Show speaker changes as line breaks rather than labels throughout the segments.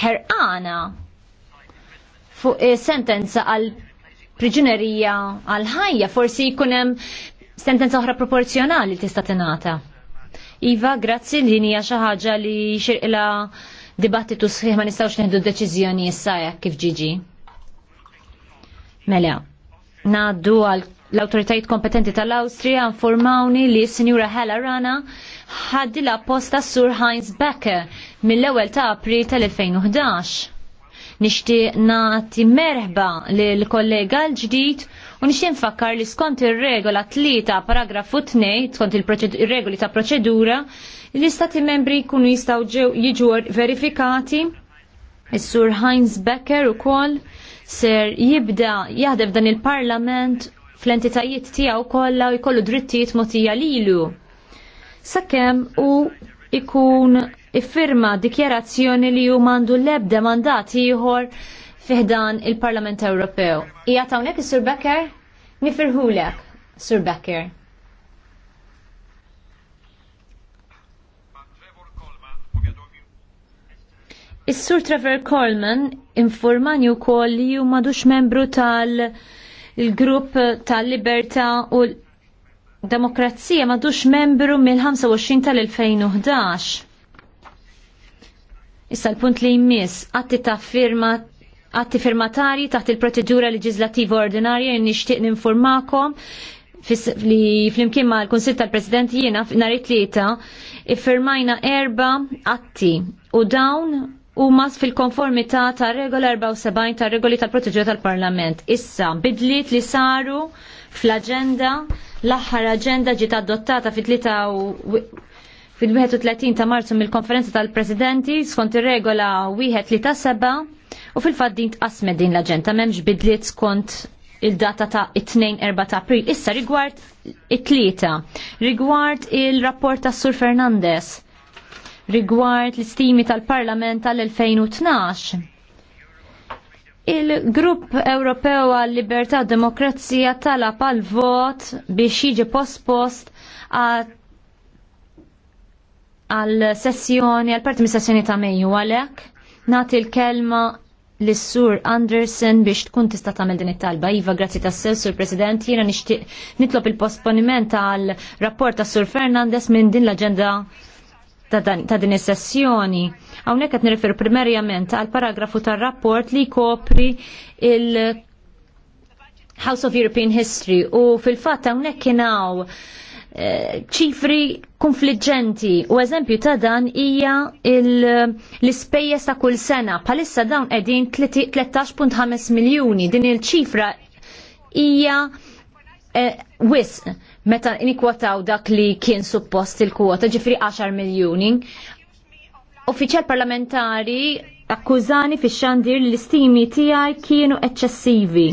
ħerqana fuq eh, sentenza għal priġunerija għal ħajja, forsi jkunem sentenza oħra proporzjonali tista' tingħata. Iva, grazzi li hija xi ħaġa li xirqila dibattitu sħiħ ma nistgħux neħdu deċiżjoni issa kif ġiġi. Mela, ngħaddu għal l-autoritajiet kompetenti tal-Austria informawni li s-Sinjura Hella Rana ħaddi la posta Sur Heinz Becker mill-ewel ta' Apri tal-2011. Nixtieq nagħti merħba lill kollega l-ġdid u nishti nfakkar li skont ir-regola tlieta paragrafu 2 skont il-regoli ta' proċedura l-istati membri jkunu jistgħu jiġu verifikati is-sur Heinz Becker ukoll ser jibda jahdef dan il-parlament fl-entitajiet tiegħu kollha u jkollu drittijiet motija lilu. Sakemm u ikun iffirma dikjerazzjoni li ju mandu l mandat jihor fiħdan il-Parlament Ewropew. Ija tawnek Sur Becker? Nifirħulek, Sir Becker. Is-Sur Trevor Coleman informani wkoll li hu madux membru tal- il-grupp tal-liberta u l-demokrazija madux membru mill-25 tal-2011. Issa l-punt li jmiss, għatti ta' firma għatti firmatari taħt il-proċedura leġislativa ordinarja nixtieq ninformakom li flimkien ma' l-Konsil tal-President jiena nhar it-tlieta iffirmajna erba' atti u dawn u mas fil-konformità ta' regola 74 ta' regoli tal-proteġu tal-Parlament. Issa, bidliet li saru fl-agenda, l-aħħar agenda ġiet adottata fil-31 ta' marzu mill-konferenza tal-presidenti skont ir-regola wieħed li ta' seba u fil-fatt din tqasmet din l-aġenda m'hemmx bidliet skont il-data ta' 2-4 ta' april. Issa rigward it-tlieta, rigward il-rapport ta' Sur Fernandez rigward l-istimi tal-Parlament tal-2012. Il-Grupp Ewropew għal Libertà Demokrazija talab għal vot biex jiġi post-post għal sessjoni, għal parti mis-sessjoni ta' Mejju għalhekk. Nagħti l-kelma l-Sur Anderson biex tkun tista' tagħmel din it-talba. Iva, grazzi tas-sew, Sur President, jiena nixtieq nitlob il-posponiment għal rapport ta' Sur Fernandez minn din l-aġenda ta' din is-sessjoni. Hawnhekk qed nirrifer primarjament għal paragrafu tar-rapport li kopri il- House of European History u fil-fatt hawnhekk hawn eh, ċifri konfliġġenti u eżempju ta' dan hija l-ispejjeż ta' kull sena. bħalissa dawn qegħdin 13.5 miljuni din il-ċifra hija eh, wisq meta inikwataw dak li kien suppost il-kwota ġifri 10 miljoni. Uffiċjal parlamentari akkużani fi xandir li l-istimi tiegħi kienu eċċessivi.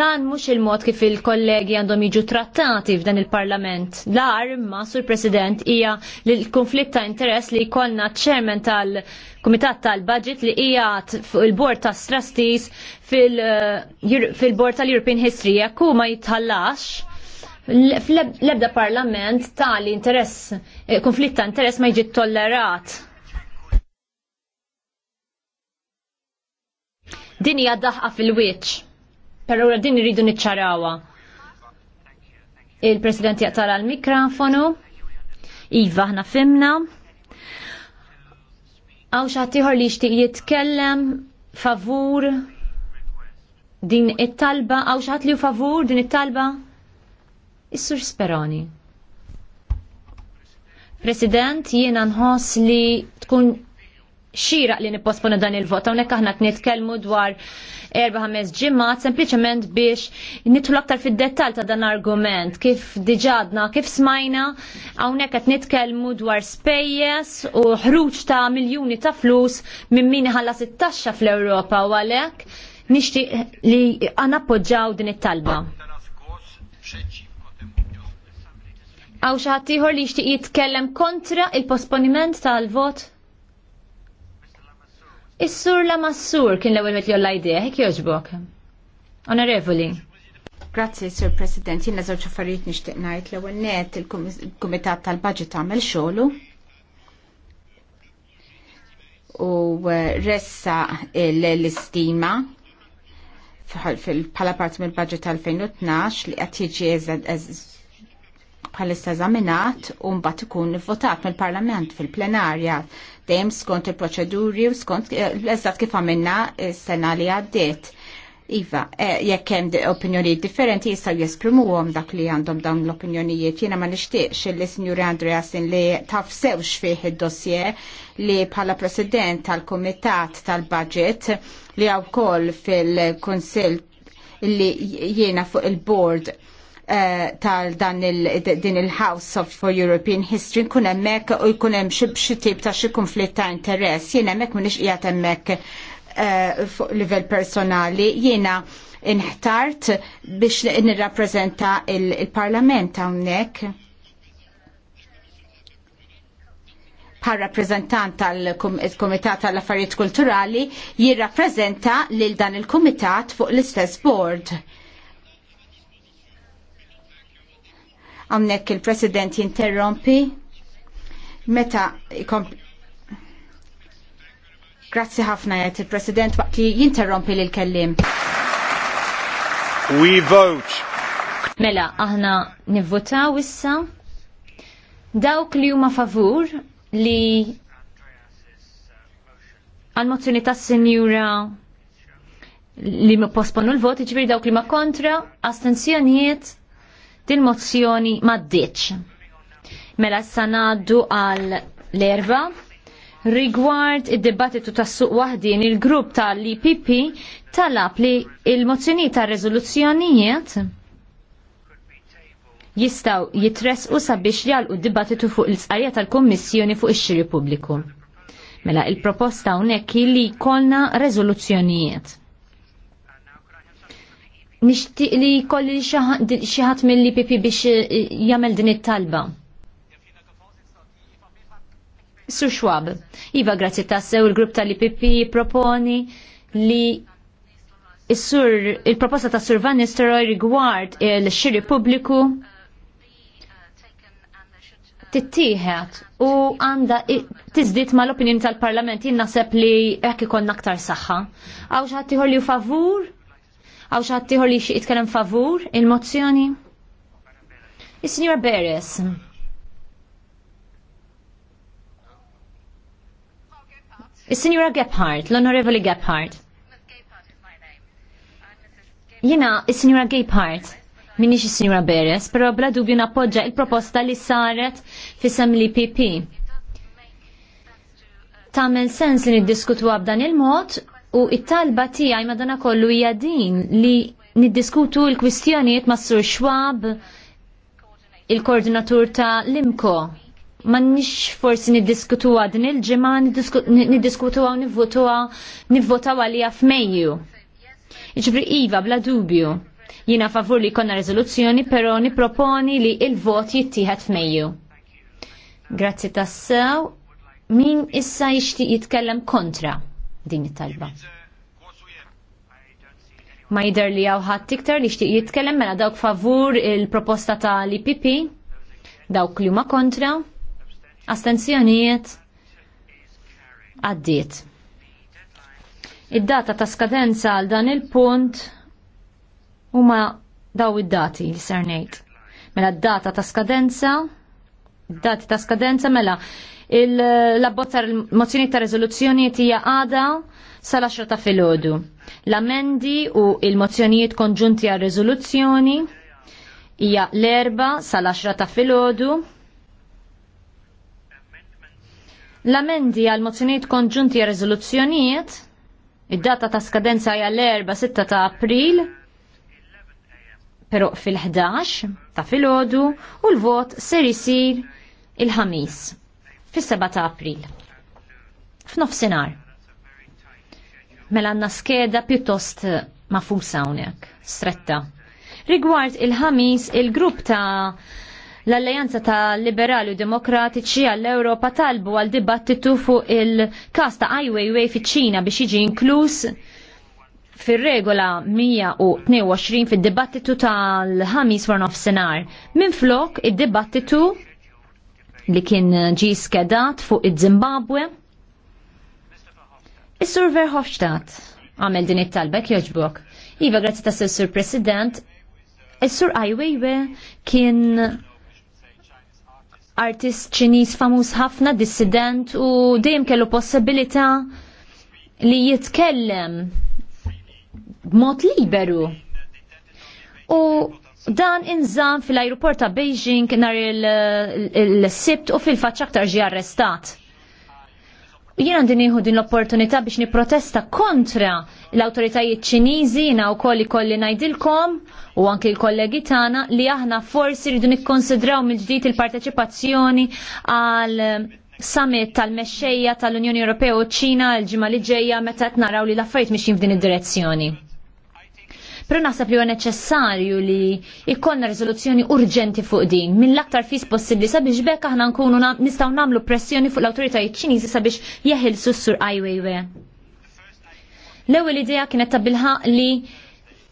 Dan mhux il-mod kif il-kollegi għandhom jiġu trattati f'dan il-Parlament. l arma sur President hija l-konflitt ta' interess li jkollna ċermen tal-Kumitat tal-Budget li hija fuq il-Bord ta' Strastis fil-Bord tal-European History jekk ma jitħallax L-ebda parlament tali interess, eh, konflitta ta' interess ma jiġi tollerat. Din hija daħqa fil-wiċċ, però din iridu niċċarawha. Il-President jaqtara l-mikrofonu. Iva, ħna fimna. Għaw xaħtiħor li xtiq jitkellem favur din it-talba, għaw xaħt li favur din it-talba? Is-Sur Speroni. President, jiena nħoss li tkun xiraq li nipposponu dan il-vot, hawnhekk aħna nitkellmu dwar 4-5 ġimgħat sempliċement biex nidħlu aktar fid-dettall ta' dan argument, kif diġadna, kif smajna, hawnhekk qed nitkellmu dwar spejjeż u ħruġ ta' miljuni ta' flus minn min ħallas it-taxxa fl-Ewropa u għalhekk nixtieq li nappoġġaw din it-talba. Għaw xaħtiħor li xtiq jitkellem kontra il-posponiment tal-vot? Is-sur la massur kien l-ewel met jolla idea,
hekk joġbok. Onorevoli. Grazzi, Sir President. Jina zoċ affarijiet nixtieq ngħid l-ewwel net il-Kumitat tal-Baġit għamel xogħlu u eh, ressa l-istima bħala parti mill-budget tal-2012 li qed jiġi bħalissa eżaminat u mbagħad ikun votat mill-Parlament fil-plenarja dejjem skont il-proċeduri u skont l-eżatt eh, kif għamilna s-sena li għaddiet. Iva, eh, jekk hemm opinjonijiet differenti jistgħu jesprimuhom dak li għandhom dawn l-opinjonijiet. Jiena ma nixtieqx li Sinjur Andreasin li taf sewx fih id-dossier li bħala President tal-Kumitat tal-Budget li wkoll fil kunsill li jiena fuq il-Board Eh, tal dan din il-House of for European History nkun hemmhekk u jkun hemm xi tip ta' xi konflitt ta' interess. Jien hemmhekk m'iniex qiegħed hemmhekk eh, fuq livell personali jiena inħtart biex nirrappreżenta il-Parlament hawnhekk. bħal rappresentant tal-Komitat tal-Affarijiet Kulturali jirrappreżenta lil dan il-Komitat fuq l-istess board Għamnek il-President jinterrompi. Meta Grazzi ħafna jgħet il-President waqt li jinterrompi li l-kellim.
We vote.
Mela, aħna
nivvotaw issa. Dawk li huma favur li għal-mozzjoni ta' senjura li ma posponu l-vot, ġbir dawk li ma kontra, astenzjonijiet Din mozzjoni maddiċ. Mela sanaddu għal l-erba. Rigward id-dibattitu tas suq waħdin, il-grupp tal-IPP talab li il-mozzjoni ta' rezoluzzjonijiet jistaw u sabiex jalqu dibattitu fuq l-sqarja tal-Kommissjoni fuq ix-xiri pubbliku. Mela il-proposta hawnhekk li kolna rezoluzzjonijiet nixtieq li jkolli xi ħadd mill-IPP biex eh, jagħmel din it-talba. Sur xwab, Iva grazzi tassew il-grupp tal-IPP proponi li Is-sur, il-proposta ta' Sur Van Nistelrooy rigward il-xiri pubbliku tittieħed u għanda tiżdiet mal opinjoni tal-Parlament jien naħseb li hekk ikollna aktar saħħa. Għaw ħadd li favur Għaw xattiħor li xie jitkellem favur il-mozzjoni? is signora Beres. is signora Gephardt, l-Onorevoli Gephardt. Jena, is signora Gephardt, minix is signora Beres, pero bla dubju nappoġġa il-proposta li saret fi sem li PP. Tamel sens li niddiskutu b'dan il-mod U it-talba tiegħi madonna kollu hija din li niddiskutu l-kwistjonijiet ma' Sur Schwab, il-koordinatur ta' Limko. Ma nix forsi niddiskutuha din il-ġimgħa, niddiskutuha u nivvotuha nivvotaw għalija f'Mejju. Iġbri iva bla dubju. Jina favur li konna rezoluzzjoni, pero niproponi li il-vot jittieħed f'Mejju. Grazzi tassew. Min issa jixtieq jitkellem kontra? din it-talba. Ma jider li għaw ħadd iktar li xtiq jitkellem mela dawk favur il-proposta ta' li ipp dawk li huma kontra, astenzjonijiet, għaddiet. Id-data ta' skadenza għal dan il-punt huma daw id-dati li ser Mela d-data ta' skadenza, d-dati ta' skadenza mela l-abbozza mozzjoni ta' rezoluzzjoni tija għada sal-10 ta' filgħodu. L-amendi u il-mozzjonijiet konġunti għal rezoluzzjoni hija l-erba sal-10 ta' filgħodu. L-amendi għal mozzjonijiet konġunti għal rezoluzzjonijiet id-data ta' skadenza hija l-erba 6 ta' April pero fil-11 ta' filgħodu u l-vot ser isir il-ħamis fis-7 ta' April. F'nofsinhar. Mela għandna skeda pjuttost mafusa hawnhekk, stretta. Rigward il-ħamis, il-grupp ta' l-Alleanza ta' Liberali u Demokratiċi għall-Europa talbu għal dibattitu fuq il-kas ta' Ai Weiwei fiċ-Ċina biex jiġi inkluż fir-regola 122 fid-dibattitu tal-ħamis warnof senar. Minn flok id-dibattitu li kien eh, ġi skedat fuq id-Zimbabwe. Is-Sur Verhofstadt għamel din it-talbek joġbok. Iva, grazzi ta' sur President, is-Sur Aiwewe kien artist ċiniż famuż ħafna, dissident u dejjem kellu possibilità li jitkellem b'mod liberu. U Dan inżam fil-aeroport ta' Beijing nar il-sibt u fil-faċċa aktar ġi arrestat. Jien għandi nieħu din l-opportunità biex nipprotesta kontra l-awtoritajiet ċiniżi jiena wkoll ikolli ngħidilkom u anke l-kollegi tagħna li aħna forsi rridu nikkonsidraw mill-ġdid il-parteċipazzjoni għal summit tal-mexxejja tal-Unjoni Ewropea u ċina l-ġimgħa li ġejja meta qed naraw li l-affarijiet mixjin f'din id-direzzjoni. Pero naħseb li huwa neċessarju li jkollna riżoluzzjoni urġenti fuq din l aktar fis possibbli sabiex bekk aħna nkunu nistgħu nagħmlu pressjoni fuq l-awtoritajiet Ċiniżi sabiex jeħilsu s-sur Ai L-ewwel idea kienet ta' bilħaq li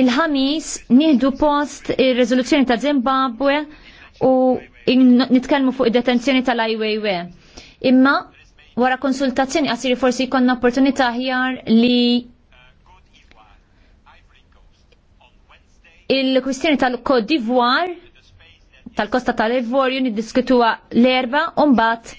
il-ħamis nieħdu post ir-riżoluzzjoni ta' Zimbabwe u nitkellmu fuq id-detenzjoni tal-Ai Imma wara konsultazzjoni qasiri forsi jkollna opportunità ħjar li Il-kwistjoni tal-Kod d'Ivoire tal-Kosta tal-Ivorju niddiskutuha l-erba u mbagħad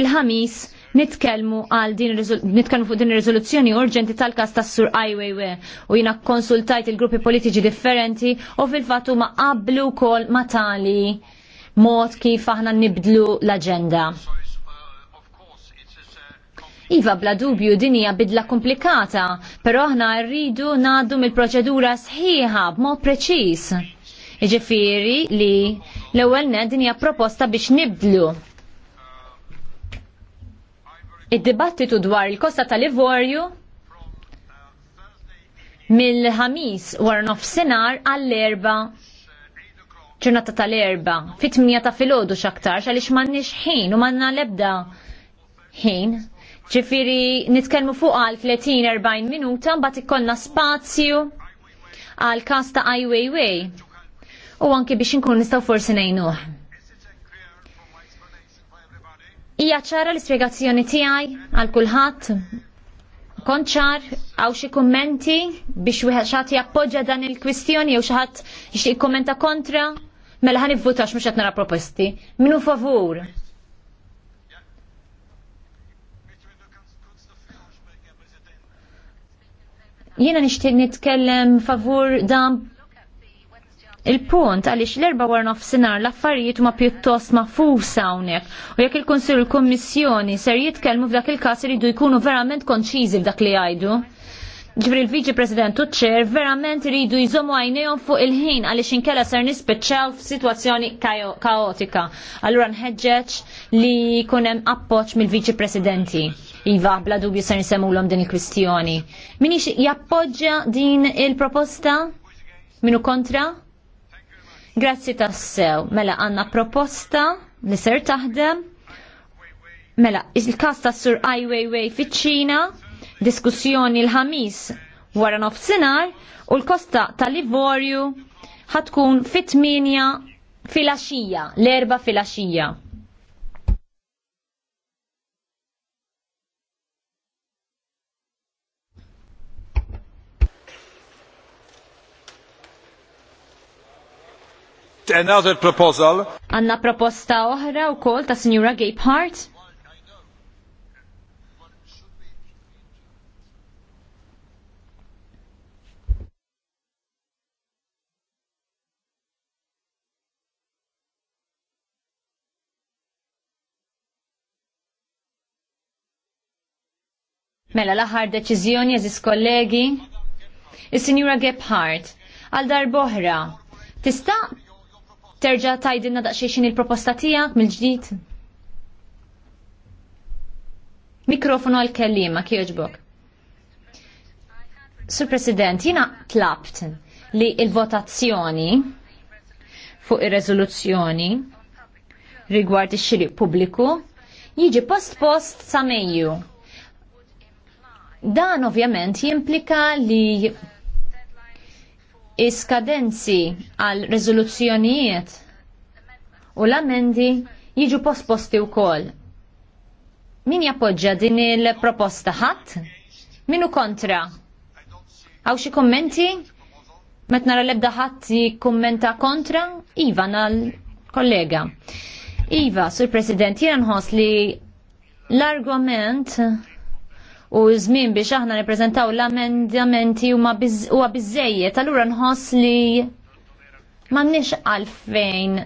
il-ħamis nitkellmu għal din nitkellmu fuq din ir-riżoluzzjoni urġenti tal-każ tas-Sur Ajwejwe u jiena konsultajt il-gruppi politiċi differenti u fil-fatt huma qablu wkoll ma tali mod kif aħna nibdlu l-aġenda. Iva bla dubju din hija bidla komplikata, però aħna rridu ngħaddu mill-proċedura sħiħa b'mod preċiż. Jiġifieri li l-ewwel ned din hija proposta biex nibdlu. Id-dibattitu dwar il-kosta tal-ivorju mill-ħamis wara nofsinhar għall-erba ġurnata tal-erba fit tminja ta' filgħodu x'aktar għaliex m'għandniex ħin u m'għandna l-ebda ħin Ġifiri, nitkelmu fuq għal 30-40 minuta, mbagħad ikkonna spazju għal kasta ta' Ai Weiwei. U anki biex inkun nistgħu forsi ngħinuh. Hija ċara l-ispjegazzjoni tiegħi għal kulħadd. Konċar, għaw xi kummenti biex wieħed xagħti jappoġġa dan il-kwistjoni jew xi ħadd jixtieq kommenta kontra, mela ħanivvutax mhux qed nara proposti. Minu favur. Jiena nixtieq nitkellem favur dan Il-punt għaliex l-erba war nofsinar l-affarijiet ma pjuttost mafusa hawnhekk u jekk il-Konsil l-Kummissjoni ser jitkellmu f'dak il-każ iridu jkunu verament konċiżi f'dak li jgħidu. Ġifri il-Viċi President u ċer verament iridu jizomu għajnejhom fuq il-ħin għaliex inkella ser nispiċċaw f'sitwazzjoni kaotika. Allura nħeġġeġ li jkun hemm appoġġ mill-Viċi Presidenti. Iva, bla dubju ser nsemmu l din il-kwistjoni. Minix jappoġġa din il-proposta? Minu kontra? Grazzi tassew. Mela għanna proposta li ser taħdem. Mela, il-kas ta' Sur Ai Weiwei fiċ-Ċina, diskussjoni l-ħamis wara nofsinhar u l-kosta tal-Livorju ħatkun fit-8 fil-axija, l-erba fil-axija.
another proposal.
Anna proposta oħra u kol ta' Signora Gapehart. Mela l-aħħar deċiżjoni eżis kollegi. Is-Sinjura Gebhardt għal darboħra tista' terġa tajdilna daqxiexin il-proposta tijak mill-ġdijt? Mikrofonu għal-kellima, kieġbok. Sur President, jina tlabt li il-votazzjoni fuq ir-rezoluzzjoni rigward ix xiri pubbliku jiġi post-post sa' Dan ovvjament jimplika li iskadenzi għal rezoluzzjonijiet u l-amendi jiġu posposti u kol. Min jappoġġa din il-proposta ħadd? Minu kontra? Għaw xi kommenti? Met nara lebda ħadd jikkummenta kontra? Iva nal kollega. Iva, sur President, jiena nħoss li l-argument u żmien biex aħna nippreżentaw l-amendamenti huwa biżejjed, allura nħoss li m'għandniex għalfejn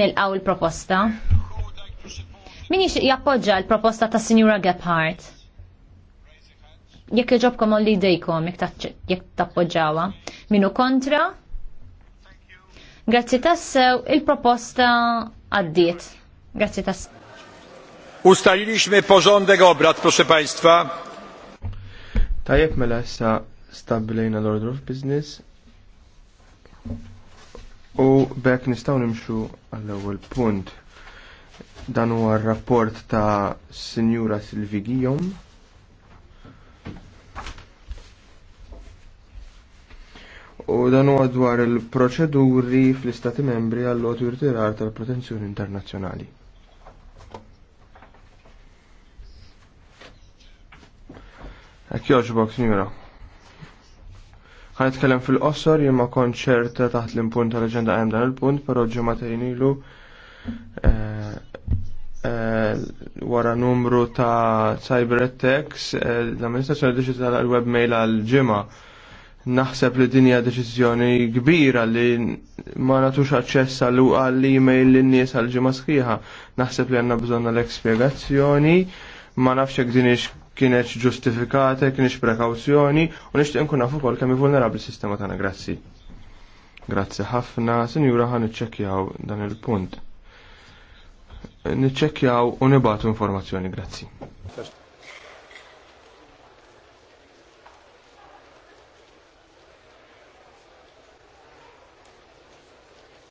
nilqgħu l-proposta. Min jappoġġa l-proposta ta' Sinjura Gephardt? Jekk iġobkom li dejkom, jekk tappoġġawa. Minu kontra? Grazzi tassew, il-proposta għaddiet. Grazzi tassew.
Ustaliliśmy porządek obrad, proszę Państwa. Tajjeb mela issa stabbilejna l-order of business. U bekk nistgħu nimxu għall-ewwel punt. Dan huwa r-rapport ta' Sinjura Silvi Gijom. U dan huwa dwar il-proċeduri fl-Istati Membri għall-otur tal-protezzjoni internazzjonali. Jekk joġbok, signora. Għan nitkellem fil-qossor jien ma kontx taħt l-impunt tal-aġenda hemm dan il-punt, però ġemma ilu eh, eh, wara numru ta' cyber attacks eh, l-amministrazzjoni deċiża tal-webmail għal ġimgħa. Naħseb li dinja deċiżjoni kbira li ma natux aċċess għall email lin-nies għal ġimgħa sħiħa. Naħseb li għandna bżonna l ekspiegazzjoni ma nafx dinix kienet ġustifikata, kienet prekawzjoni u nixtieq nkun nafu kol kemm vulnerabbli sistema tagħna grazzi. Grazzi ħafna, sinjura ħan niċċekkjaw dan il-punt. Niċċekkjaw u nibatu informazzjoni, grazzi.